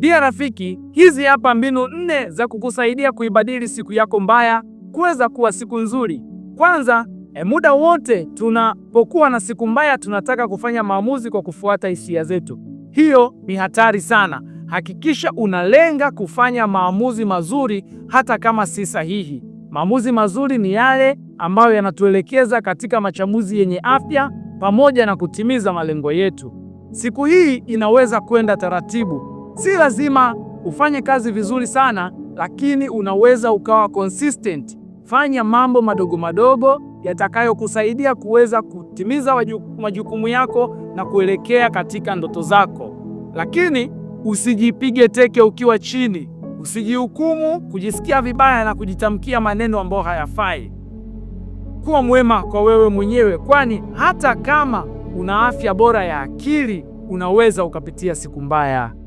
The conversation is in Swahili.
Pia rafiki, hizi hapa mbinu nne za kukusaidia kuibadili siku yako mbaya kuweza kuwa siku nzuri. Kwanza, e, muda wote tunapokuwa na siku mbaya tunataka kufanya maamuzi kwa kufuata hisia zetu. Hiyo ni hatari sana. Hakikisha unalenga kufanya maamuzi mazuri hata kama si sahihi. Maamuzi mazuri ni yale ambayo yanatuelekeza katika machamuzi yenye afya pamoja na kutimiza malengo yetu. Siku hii inaweza kwenda taratibu. Si lazima ufanye kazi vizuri sana, lakini unaweza ukawa consistent. Fanya mambo madogo madogo yatakayokusaidia kuweza kutimiza majukumu yako na kuelekea katika ndoto zako, lakini usijipige teke ukiwa chini. Usijihukumu, kujisikia vibaya na kujitamkia maneno ambayo hayafai. Kuwa mwema kwa wewe mwenyewe, kwani hata kama una afya bora ya akili, unaweza ukapitia siku mbaya.